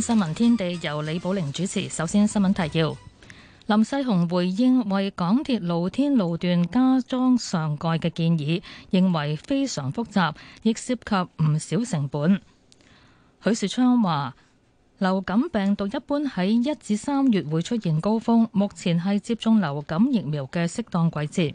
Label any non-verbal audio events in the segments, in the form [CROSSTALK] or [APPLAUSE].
新聞天地由李寶玲主持。首先，新聞提要：林世雄回應為港鐵露天路段加裝上蓋嘅建議，認為非常複雜，亦涉及唔少成本。許樹昌話：流感病毒一般喺一至三月會出現高峰，目前係接種流感疫苗嘅適當季節。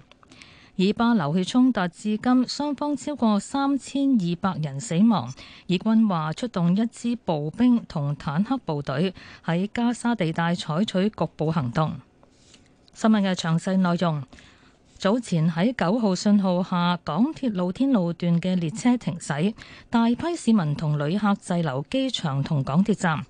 以巴流血衝突至今，雙方超過三千二百人死亡。以軍話出動一支步兵同坦克部隊喺加沙地帶採取局部行動。新聞嘅詳細內容，早前喺九號信號下，港鐵露天路段嘅列車停駛，大批市民同旅客滯留機場同港鐵站。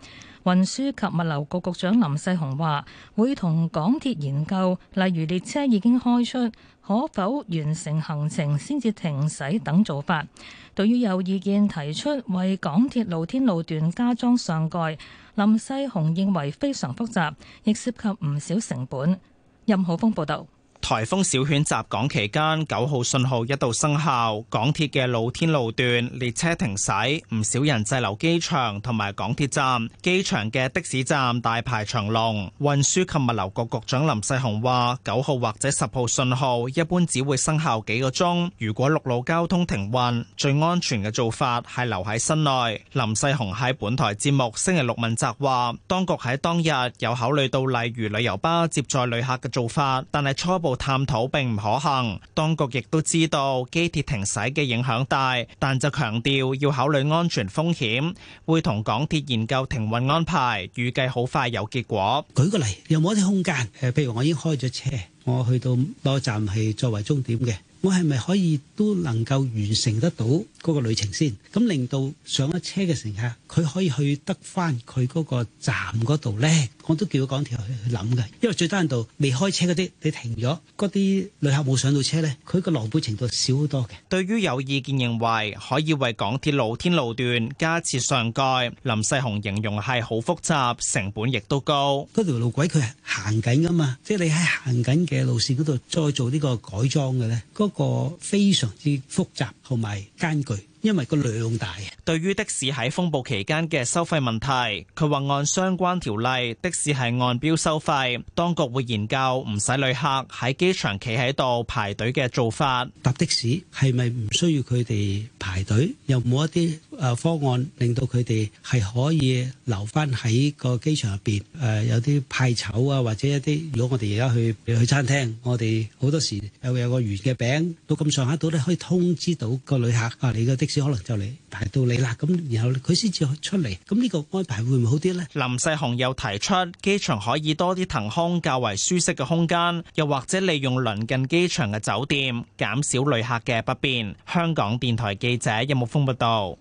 運輸及物流局局長林世雄話，會同港鐵研究，例如列車已經開出，可否完成行程先至停駛等做法。對於有意見提出為港鐵露天路段加裝上蓋，林世雄認為非常複雜，亦涉及唔少成本。任浩峰報道。台風小犬襲港期間，九號信號一度生效，港鐵嘅露天路段列車停駛，唔少人滯留機場同埋港鐵站。機場嘅的，的士站大排長龍。運輸及物流局局長林世雄話：九號或者十號信號一般只會生效幾個鐘。如果陸路交通停運，最安全嘅做法係留喺室內。林世雄喺本台節目星期六問責話：當局喺當日有考慮到例如旅遊巴接載旅客嘅做法，但係初步。探討並唔可行，當局亦都知道機鐵停駛嘅影響大，但就強調要考慮安全風險，會同港鐵研究停運安排，預計好快有結果。舉個例，有冇一啲空間？誒、呃，譬如我已經開咗車，我去到多站係作為終點嘅。我係咪可以都能夠完成得到嗰個旅程先？咁令到上咗車嘅乘客佢可以去得翻佢嗰個站嗰度呢？我都叫港鐵去去諗嘅，因為最低限度，未開車嗰啲，你停咗嗰啲旅客冇上到車呢，佢個狼狽程度少好多嘅。對於有意見認為可以為港鐵露天路段加設上蓋，林世雄形容係好複雜，成本亦都高。嗰條路軌佢係行緊噶嘛，即係你喺行緊嘅路線嗰度再做呢個改裝嘅呢？一個非常之複雜同埋艱巨。因為個量大。對於的士喺風暴期間嘅收費問題，佢話按相關條例，的士係按標收費。當局會研究唔使旅客喺機場企喺度排隊嘅做法。搭的士係咪唔需要佢哋排隊？有冇一啲誒方案令到佢哋係可以留翻喺個機場入邊？誒、呃，有啲派籌啊，或者一啲如果我哋而家去去餐廳，我哋好多時有有個圓嘅餅，到咁上下度咧，可以通知到個旅客啊，你個的、的可能就你排到你啦，咁然後佢先至出嚟，咁呢個安排會唔會好啲咧？林世雄又提出機場可以多啲騰空較為舒適嘅空間，又或者利用鄰近機場嘅酒店，減少旅客嘅不便。香港電台記者任木峰報道。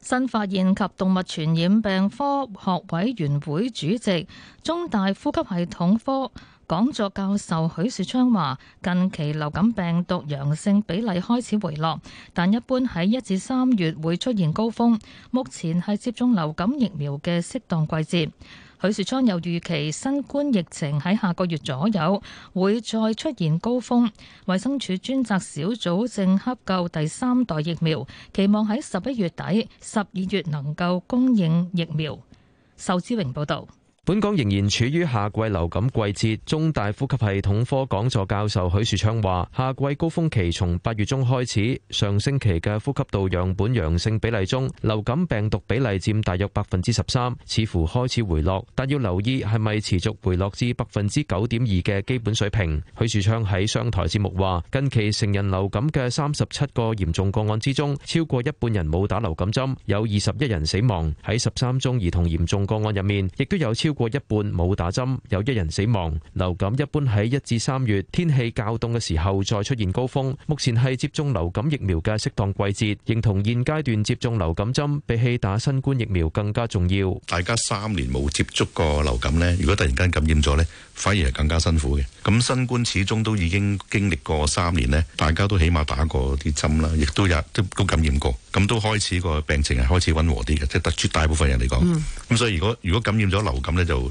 新發現及動物傳染病科學委員會主席，中大呼吸系統科。講座教授許樹昌話：近期流感病毒陽性比例開始回落，但一般喺一至三月會出現高峰。目前係接種流感疫苗嘅適當季節。許樹昌又預期新冠疫情喺下個月左右會再出現高峰。衛生署專責小組正洽購第三代疫苗，期望喺十一月底、十二月能夠供應疫苗。仇志榮報道。本港仍然處於夏季流感季節，中大呼吸系統科講座教授許樹昌話，夏季高峰期從八月中開始，上星期嘅呼吸道樣本陽性比例中，流感病毒比例佔大約百分之十三，似乎開始回落，但要留意係咪持續回落至百分之九點二嘅基本水平。許樹昌喺商台節目話，近期成人流感嘅三十七個嚴重個案之中，超過一半人冇打流感針，有二十一人死亡。喺十三宗兒童嚴重個案入面，亦都有超過一半冇打針，有一人死亡。流感一般喺一至三月天氣較凍嘅時候再出現高峰。目前係接種流感疫苗嘅適當季節，認同現階段接種流感針比起打新冠疫苗更加重要。大家三年冇接觸過流感呢，如果突然間感染咗呢，反而係更加辛苦嘅。咁新冠始終都已經經歷過三年呢，大家都起碼打過啲針啦，亦都有都感染過，咁都開始個病情係開始溫和啲嘅，即係特絕大部分人嚟講。嗯。咁所以如果，如果感染咗流感呢就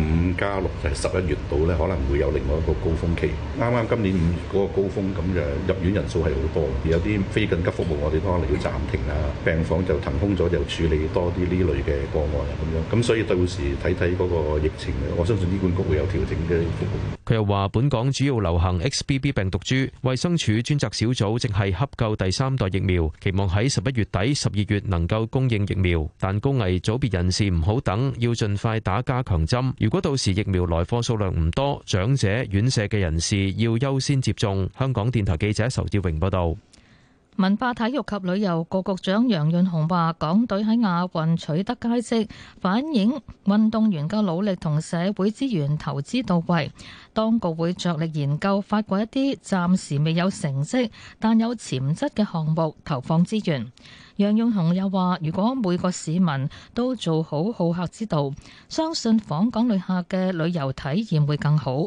五加六就係十一月度咧，可能會有另外一個高峰期。啱啱今年五月嗰個高峰，咁就入院人數係好多，有啲非緊急服務我哋都可能要暫停啊，病房就騰空咗，就處理多啲呢類嘅個案啊咁樣。咁所以到時睇睇嗰個疫情，我相信醫管局會有調整嘅服務。佢又話：本港主要流行 XBB 病毒株，衛生署專責小組正係洽購第三代疫苗，期望喺十一月底、十二月能夠供應疫苗。但高危組別人士唔好等，要盡快打加強針。如果到時疫苗來貨數量唔多，長者、院舍嘅人士要優先接種。香港電台記者仇志榮報道。文化體育及旅遊局局長楊潤雄話，港隊喺亞運取得佳績，反映運動員嘅努力同社會資源投資到位。當局會着力研究發掘一啲暫時未有成績，但有潛質嘅項目，投放資源。楊潤雄又話，如果每個市民都做好好客之道，相信訪港旅客嘅旅遊體驗會更好。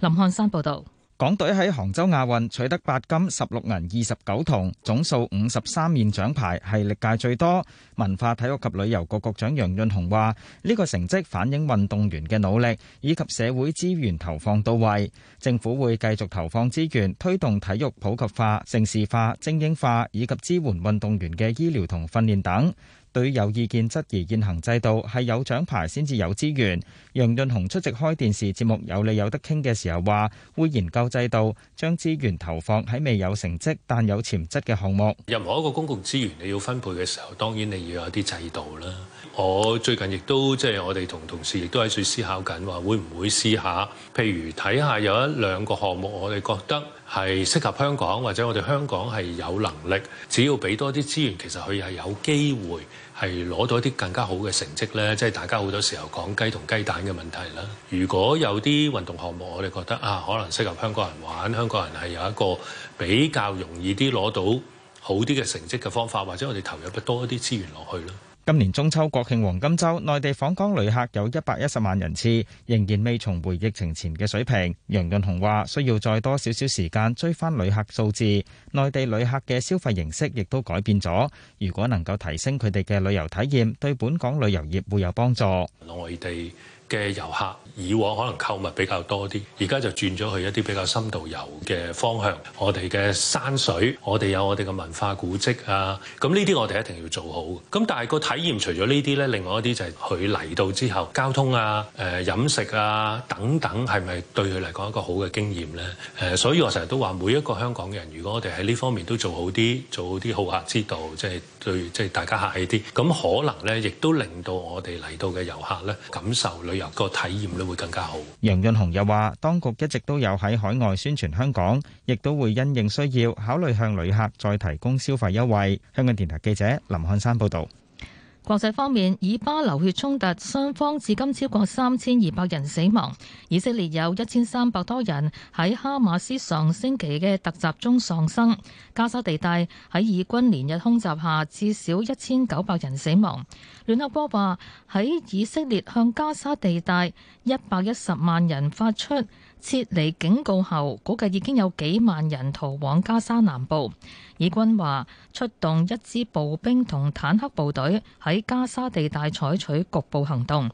林漢山報道。港隊喺杭州亞運取得八金十六銀二十九銅，總數五十三面獎牌，係歷屆最多。文化體育及旅遊局局長楊潤雄話：呢個成績反映運動員嘅努力，以及社會資源投放到位。政府會繼續投放資源，推動體育普及化、盛事化、精英化，以及支援運動員嘅醫療同訓練等。對有意見質疑現行制度，係有獎牌先至有資源。楊潤雄出席開電視節目有理有得傾嘅時候，話會研究制度，將資源投放喺未有成績但有潛質嘅項目。任何一個公共資源你要分配嘅時候，當然你要有啲制度啦。我最近亦都即係、就是、我哋同同事亦都喺度思考緊，話會唔會試下，譬如睇下有一兩個項目，我哋覺得。係適合香港，或者我哋香港係有能力，只要俾多啲資源，其實佢係有機會係攞到一啲更加好嘅成績咧。即係大家好多時候講雞同雞蛋嘅問題啦。如果有啲運動項目，我哋覺得啊，可能適合香港人玩，香港人係有一個比較容易啲攞到好啲嘅成績嘅方法，或者我哋投入得多一啲資源落去啦。今年中秋、國慶黃金週，內地訪港旅客有一百一十萬人次，仍然未重回疫情前嘅水平。楊潤雄話：需要再多少少時間追翻旅客數字。內地旅客嘅消費形式亦都改變咗，如果能夠提升佢哋嘅旅遊體驗，對本港旅遊業會有幫助。內地嘅遊客。以往可能購物比較多啲，而家就轉咗去一啲比較深度遊嘅方向。我哋嘅山水，我哋有我哋嘅文化古蹟啊，咁呢啲我哋一定要做好。咁但係個體驗除咗呢啲呢，另外一啲就係佢嚟到之後，交通啊、誒飲食啊等等，係咪對佢嚟講一個好嘅經驗呢？誒，所以我成日都話每一個香港人，如果我哋喺呢方面都做好啲，做好啲好客之道，即係對即係大家客氣啲，咁可能呢亦都令到我哋嚟到嘅遊客呢感受旅遊個體驗咧，會更加好。楊潤雄又話，當局一直都有喺海外宣傳香港，亦都會因應需要考慮向旅客再提供消費優惠。香港電台記者林漢山報道。國際方面，以巴流血衝突雙方至今超過三千二百人死亡，以色列有一千三百多人喺哈馬斯上星期嘅突襲中喪生。加沙地帶喺以軍連日空襲下，至少一千九百人死亡。聯合國話喺以色列向加沙地帶一百一十萬人發出。撤離警告後，估計已經有幾萬人逃往加沙南部。以軍話出動一支步兵同坦克部隊喺加沙地帶採取局部行動。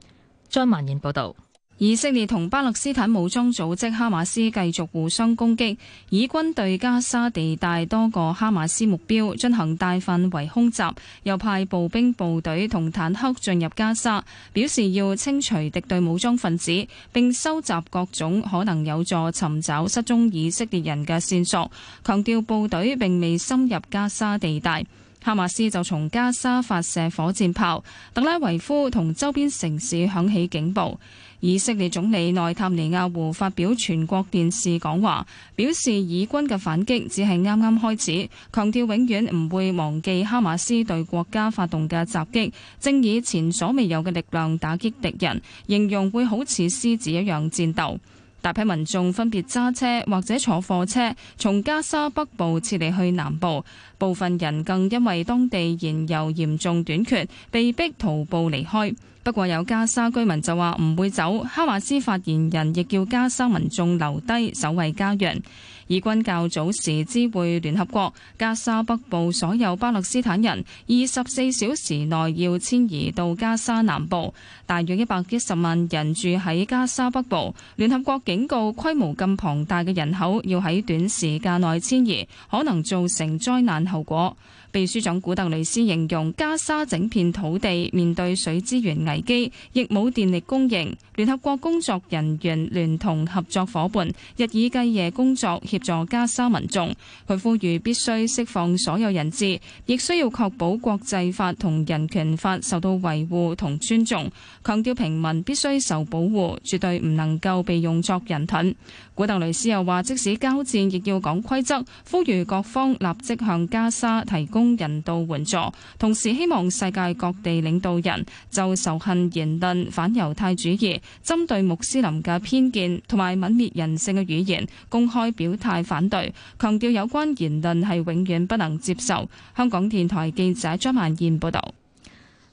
張萬燕報導。以色列同巴勒斯坦武裝組織哈馬斯繼續互相攻擊，以軍對加沙地帶多個哈馬斯目標進行大範圍空襲，又派步兵部隊同坦克進入加沙，表示要清除敵對武裝分子，並收集各種可能有助尋找失蹤以色列人嘅線索。強調部隊並未深入加沙地帶。哈馬斯就從加沙發射火箭炮，特拉維夫同周邊城市響起警報。以色列總理內塔尼亞胡發表全國電視講話，表示以軍嘅反擊只係啱啱開始，強調永遠唔會忘記哈馬斯對國家發動嘅襲擊，正以前所未有嘅力量打擊敵人，形容會好似獅子一樣戰鬥。大批民眾分別揸車或者坐貨車從加沙北部撤離去南部，部分人更因為當地燃油嚴重短缺，被逼徒步離開。不過有加沙居民就話唔會走。哈馬斯發言人亦叫加沙民眾留低守衞家園。以軍較早時知會聯合國，加沙北部所有巴勒斯坦人二十四小時內要遷移到加沙南部。大約一百一十萬人住喺加沙北部，聯合國警告規模咁龐大嘅人口要喺短時間內遷移，可能造成災難後果。秘書長古特雷斯形容加沙整片土地面對水資源危機，亦冇電力供應。聯合國工作人員聯同合作夥伴，日以繼夜工作協助加沙民眾。佢呼籲必須釋放所有人質，亦需要確保國際法同人權法受到維護同尊重，強調平民必須受保護，絕對唔能夠被用作人盾。古特雷斯又話，即使交戰亦要講規則，呼籲各方立即向加沙提供。人道援助，同時希望世界各地領導人就仇恨言論、反猶太主義、針對穆斯林嘅偏見同埋泯滅人性嘅語言公開表態反對，強調有關言論係永遠不能接受。香港電台記者張曼燕報道。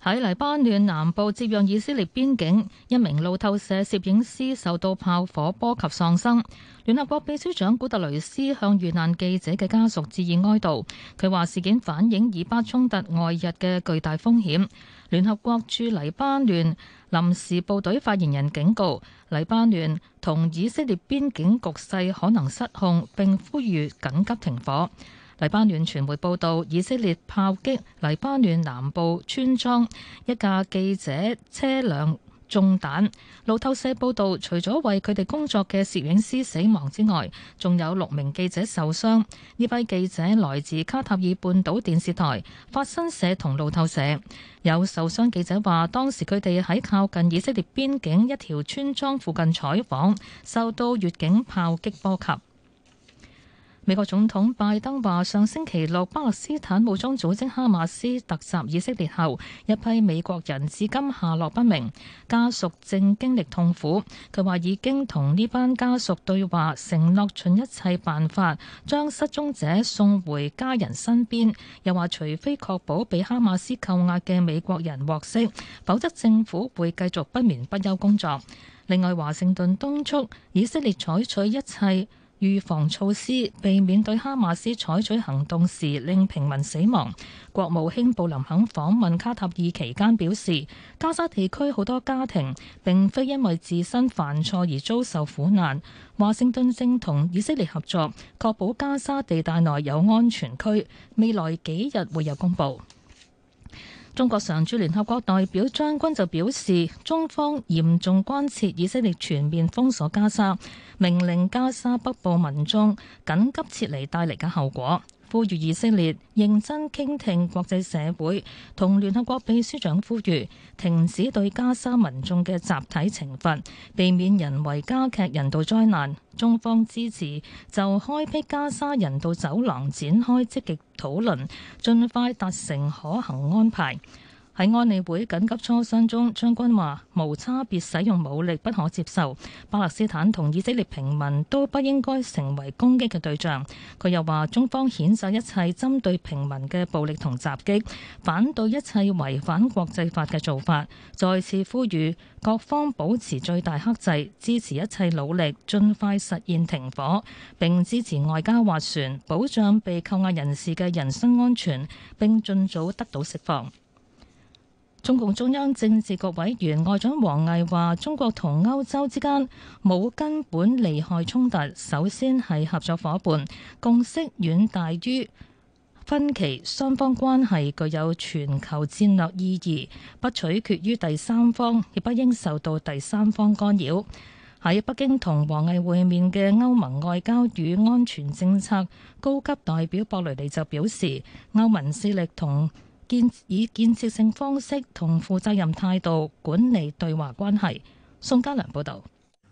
喺黎巴嫩南部接壤以色列邊境，一名路透社攝影師受到炮火波及喪生。聯合國秘書長古特雷斯向遇難記者嘅家屬致以哀悼。佢話事件反映以巴衝突外日嘅巨大風險。聯合國駐黎巴嫩臨時部隊發言人警告，黎巴嫩同以色列邊境局勢可能失控，並呼籲緊急停火。黎巴嫩傳媒報導，以色列炮擊黎巴嫩南部村莊，一架記者車輛中彈。路透社報導，除咗為佢哋工作嘅攝影師死亡之外，仲有六名記者受傷。呢批記者來自卡塔爾半島電視台、法新社同路透社。有受傷記者話，當時佢哋喺靠近以色列邊境一條村莊附近採訪，受到越境炮擊波及。美國總統拜登話：上星期六，巴勒斯坦武裝組織哈馬斯突襲以色列後，一批美國人至今下落不明，家屬正經歷痛苦。佢話已經同呢班家屬對話，承諾盡一切辦法將失蹤者送回家人身邊。又話，除非確保俾哈馬斯扣押嘅美國人獲釋，否則政府會繼續不眠不休工作。另外，華盛頓敦促以色列採取一切。預防措施，避免對哈馬斯採取行動時令平民死亡。國務卿布林肯訪問卡塔爾期間表示，加沙地區好多家庭並非因為自身犯錯而遭受苦難。華盛頓正同以色列合作，確保加沙地帶內有安全區，未來幾日會有公佈。中國常駐聯合國代表張軍就表示，中方嚴重關切以色列全面封鎖加沙，命令加沙北部民眾緊急撤離帶嚟嘅後果。呼籲以色列認真傾聽國際社會同聯合國秘書長呼籲停止對加沙民眾嘅集體懲罰，避免人為加劇人道災難。中方支持就開闢加沙人道走廊展開積極討論，盡快達成可行安排。喺安理會緊急磋商中，張軍話無差別使用武力不可接受，巴勒斯坦同以色列平民都不應該成為攻擊嘅對象。佢又話，中方譴責一切針對平民嘅暴力同襲擊，反對一切違反國際法嘅做法，再次呼籲各方保持最大克制，支持一切努力，盡快實現停火，並支持外交斡旋，保障被扣押人士嘅人身安全，並盡早得到釋放。中共中央政治局委員外長王毅話，中國同歐洲之間冇根本利害衝突，首先係合作伙伴，共識遠大於分歧，雙方關係具有全球戰略意義，不取決於第三方，亦不應受到第三方干擾。喺北京同王毅會面嘅歐盟外交與安全政策高級代表博雷利就表示，歐盟勢力同建以建設性方式同負責任態度管理對華關係。宋家良報導。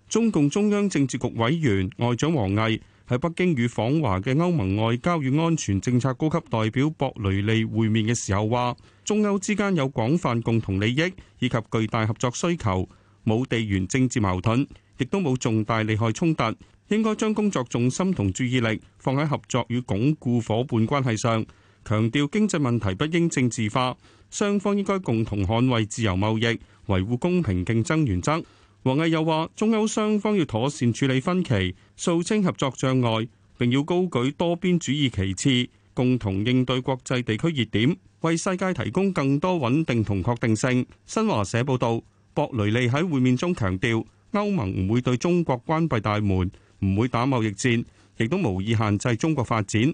中共中央政治局委員外長王毅喺北京與訪華嘅歐盟外交與安全政策高級代表博雷利會面嘅時候話：中歐之間有廣泛共同利益以及巨大合作需求，冇地緣政治矛盾，亦都冇重大利害衝突，應該將工作重心同注意力放喺合作與鞏固伙伴關係上。強調經濟問題不應政治化，雙方應該共同捍衛自由貿易、維護公平競爭原則。王毅又話：中歐雙方要妥善處理分歧，掃清合作障礙，並要高舉多邊主義旗幟，共同應對國際地區熱點，為世界提供更多穩定同確定性。新華社報道，博雷利喺會面中強調，歐盟唔會對中國關閉大門，唔會打貿易戰，亦都無意限制中國發展。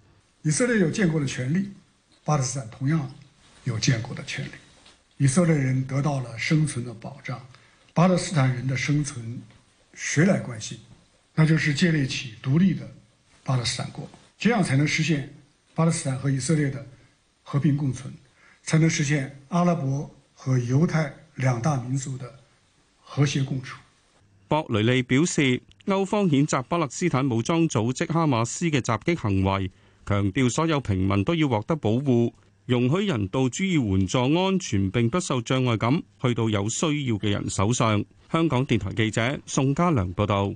以色列有建國的權利，巴勒斯坦同樣有建國的權利。以色列人得到了生存的保障，巴勒斯坦人的生存，誰來關心？那就是建立起獨立的巴勒斯坦國，這樣才能實現巴勒斯坦和以色列的和平共存，才能實現阿拉伯和猶太兩大民族的和諧共處。博雷利表示，歐方譴責巴勒斯坦武裝組織哈馬斯嘅襲擊行為。強調所有平民都要獲得保護，容許人道主義援助安全並不受障礙咁去到有需要嘅人手上。香港電台記者宋家良報道。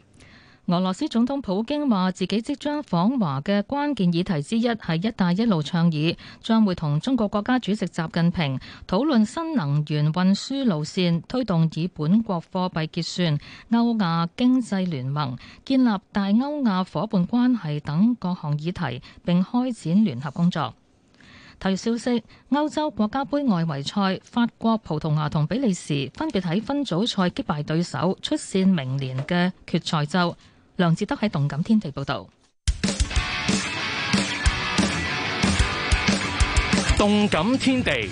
俄羅斯總統普京話，自己即將訪華嘅關鍵議題之一係“一帶一路”倡議，將會同中國國家主席習近平討論新能源運輸路線、推動以本國貨幣結算、歐亞經濟聯盟、建立大歐亞夥伴關係等各項議題，並開展聯合工作。睇消息，歐洲國家杯外圍賽，法國、葡萄牙同比利時分別喺分組賽擊敗對手，出線明年嘅決賽周。梁志德喺動感天地報道。動感天地，報動感天地，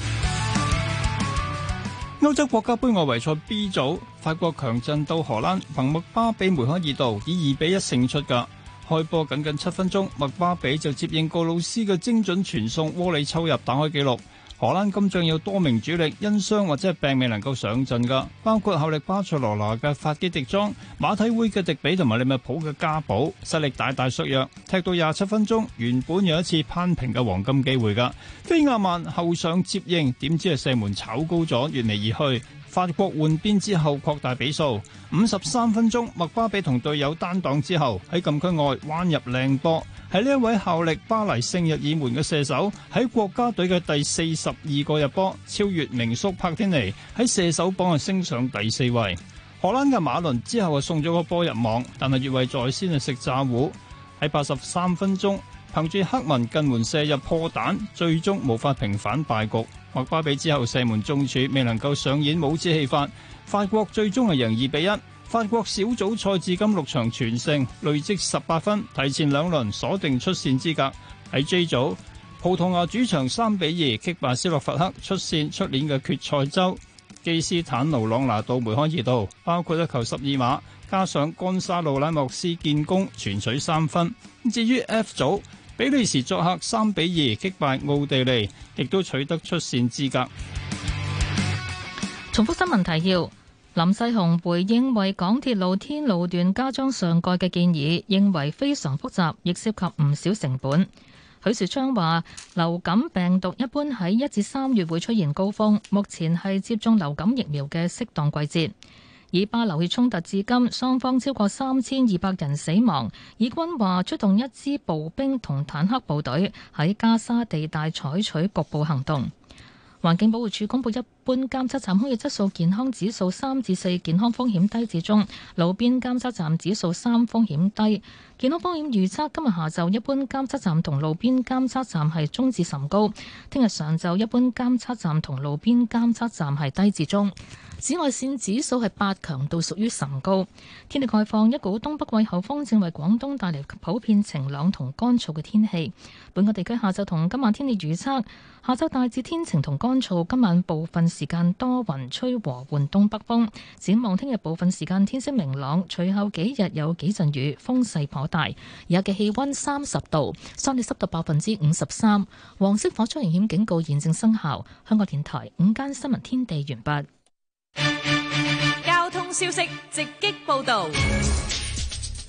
歐洲國家杯外圍賽 B 組，法國強震到荷蘭，憑麥巴比梅開二度，以二比一勝出。㗎開波僅僅七分鐘，麥巴比就接應哥路斯嘅精準傳送，窩里抽入打開紀錄。荷蘭金像有多名主力因傷或者係病未能夠上陣噶，包括效力巴塞羅那嘅法基迪莊、馬體會嘅迪比同埋利物浦嘅加保，實力大大削弱。踢到廿七分鐘，原本有一次攀平嘅黃金機會噶，菲亞曼後上接應，點知係射門炒高咗，越嚟而去。法國換邊之後擴大比數，五十三分鐘，麥巴比同隊友單擋之後喺禁區外彎入靚波，係呢一位效力巴黎聖日耳門嘅射手，喺國家隊嘅第四十二個入波，超越名宿帕天尼，喺射手榜上升上第四位。荷蘭嘅馬倫之後啊，送咗個波入網，但係越位在先啊，食炸糊，喺八十三分鐘憑住黑文近門射入破蛋，最終無法平反敗局。麥巴比之後射門中柱，未能夠上演帽子戲法。法國最終係贏二比一。法國小組賽至今六場全勝，累積十八分，提前兩輪鎖定出線資格。喺 J 組，葡萄牙主場三比二擊敗斯洛伐克，出線出年嘅決賽周。基斯坦奴朗拿度梅開二度，包括一球十二碼，加上干沙路拉莫斯建功，全取三分。至於 F 組。比利時作客三比二擊敗奧地利，亦都取得出線資格。重複新聞提要：林世雄回應為港鐵露天路段加裝上蓋嘅建議，認為非常複雜，亦涉及唔少成本。許樹昌話：流感病毒一般喺一至三月會出現高峰，目前係接種流感疫苗嘅適當季節。以巴流血衝突至今，雙方超過三千二百人死亡。以軍話出動一支步兵同坦克部隊喺加沙地帶採取局部行動。環境保護署公布一般監測站空氣質素健康指數三至四，健康風險低至中。路邊監測站指數三，風險低。健康風險預測今日下晝一般監測站同路邊監測站係中至甚高。聽日上晝一般監測站同路邊監測站係低至中。紫外線指數係八，強度屬於甚高。天氣概況：一股東北季候風正為廣東帶嚟普遍晴朗同乾燥嘅天氣。本個地區下晝同今晚天氣預測：下晝大致天晴同乾燥，今晚部分時間多雲，吹和緩東北風。展望聽日部分時間天色明朗，隨後幾日有幾陣雨，風勢頗大。而家嘅氣温三十度，相對濕度百分之五十三。黃色火災危險警告現正生效。香港電台午間新聞天地完畢。交通消息直擊報道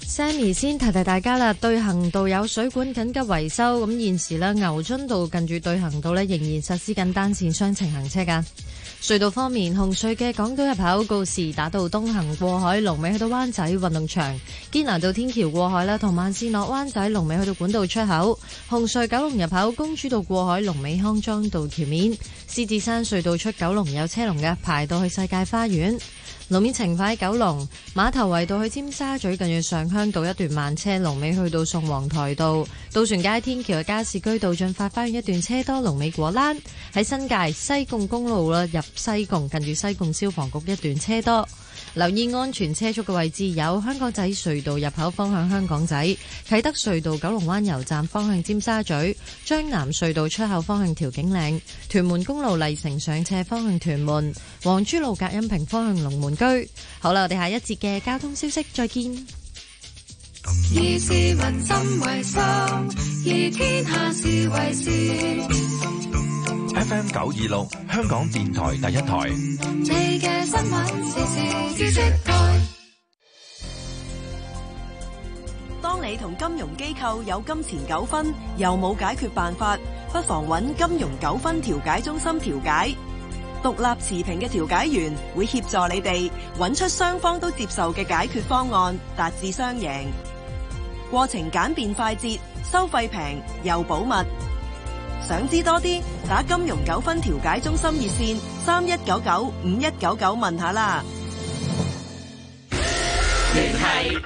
，Sammy 先提提大家啦。對行道有水管緊急維修，咁現時咧牛津道近住對行道咧仍然實施緊單線雙程行車㗎。隧道方面，紅隧嘅港島入口告士打道東行過海，龍尾去到灣仔運動場；堅拿道天橋過海啦，同慢線落灣仔龍尾去到管道出口。紅隧九龍入口公主道過海，龍尾康莊道橋面。獅子山隧道出九龍有車龍嘅，排到去世界花園。路面情況，喺九龍碼頭圍道去尖沙咀，近住上鄉道一段慢車；龍尾去到宋皇台道、渡船街天橋嘅加士居道進發花園一段車多；龍尾果欄喺新界西貢公路啦，入西貢近住西貢消防局一段車多。留意安全車速嘅位置有香港仔隧道入口方向香港仔，啟德隧道九龍灣油站方向尖沙咀，將南隧道出口方向調景嶺，屯門公路麗城上斜方向屯門，黃珠路隔音屏方向龍門居。好啦，我哋下一節嘅交通消息，再見。以 FM 九二六，香港電台第一台。當你同金融機構有金錢糾紛，又冇解決辦法，不妨揾金融糾紛調解中心調解。獨立持平嘅調解員會協助你哋揾出雙方都接受嘅解決方案，達至雙贏。過程簡便快捷，收費平又保密。想知多啲，打金融糾紛調解中心熱線三一九九五一九九問下啦。係，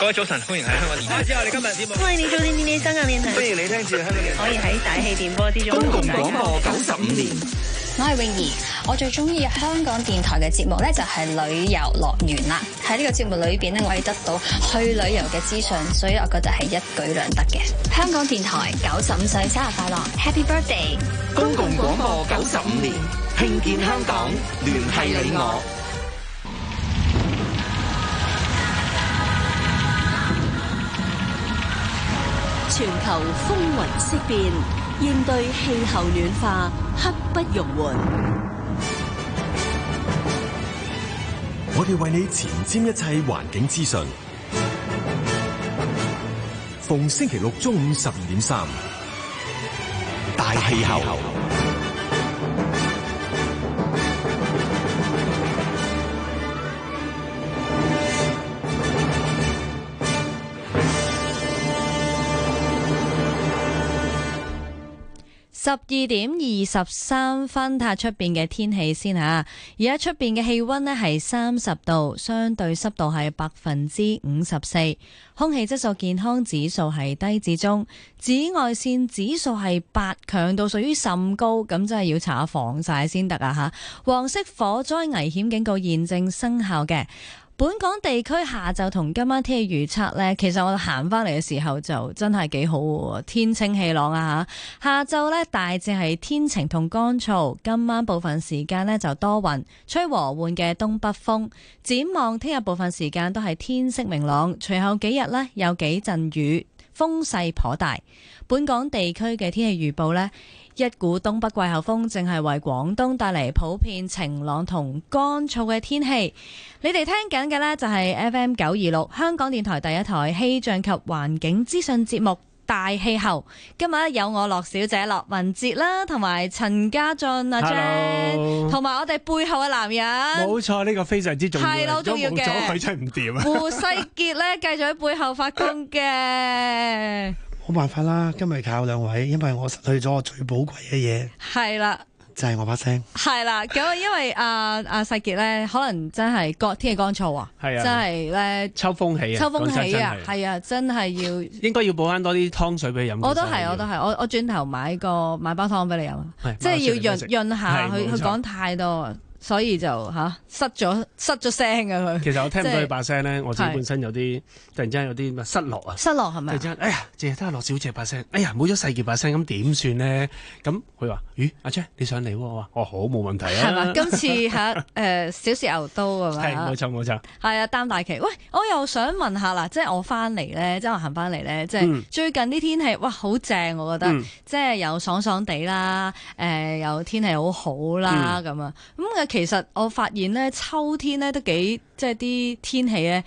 各位早晨，歡迎喺香港電台。你好，你今日點？歡迎你做電電醫生啊，靚女。歡迎你聽住香港電台。可以喺大氣電波之中。公共廣播九十五年。我係泳兒，我最中意香港電台嘅節目咧就係旅遊樂園啦。喺呢個節目裏邊咧，我可以得到去旅遊嘅資訊，所以我覺得係一舉兩得嘅。香港電台九十五歲生日快樂，Happy Birthday！公共廣播九十五年，慶建香港，聯繫你我。全球風雲色變，應對氣候暖化，刻不容緩。 [MUSIC] 我哋為你前瞻一切環境資訊，逢星期六中午十二點三，大氣候。 [MUSIC] 十二點二十三分，睇下出邊嘅天氣先吓。而家出邊嘅氣溫呢係三十度，相對濕度係百分之五十四，空氣質素健康指數係低至中，紫外線指數係八，強度屬於甚高，咁真係要查下防曬先得啊吓。黃色火災危險警告現正生效嘅。本港地區下晝同今晚天氣預測呢，其實我行翻嚟嘅時候就真係幾好，啊、天清氣朗啊！吓，下晝呢大致係天晴同乾燥，今晚部分時間呢就多雲，吹和緩嘅東北風。展望聽日部分時間都係天色明朗，隨後幾日呢有幾陣雨，風勢頗大。本港地區嘅天氣預報呢。一股東北季候風正係為廣東帶嚟普遍晴朗同乾燥嘅天氣。你哋聽緊嘅呢就係 FM 九二六香港電台第一台氣象及環境資訊節目《大氣候》。今日有我駱小姐駱文哲啦，同埋陳家俊啊。Jack 同埋我哋背後嘅男人。冇錯，呢、呢個非常之重要，冇咗佢真係唔掂。 [LAUGHS] 胡世傑咧繼續喺背後發功嘅。冇辦法啦，今日靠兩位，因為我失去咗我最寶貴嘅嘢。係啦，就係我把聲。係啦，咁因為阿阿世杰咧，可能真係乾天氣乾燥啊，真係咧秋風起，秋風起啊，係啊，真係要應該要補翻多啲湯水俾你飲。我都係，我都係，我我轉頭買個買包湯俾你飲，即係要潤潤下佢。佢講太多。所以就嚇失咗失咗聲啊！佢其實我聽唔到佢把聲咧，我自己本身有啲突然之間有啲失落啊！失落係咪？突然之間，哎呀，即係睇下落小姐把聲，哎呀，冇咗細傑把聲，咁點算呢？咁佢話：咦，阿張你上嚟喎！我好冇問題啊！係啦，今次嚇誒小試牛刀都係嘛？冇錯冇錯。係啊，擔大旗。喂，我又想問下啦，即係我翻嚟咧，即係行翻嚟咧，即係最近啲天氣哇，好正，我覺得，即係又爽爽地啦，誒又天氣好好啦，咁啊，咁其實我發現咧，秋天咧都幾即係啲天氣咧。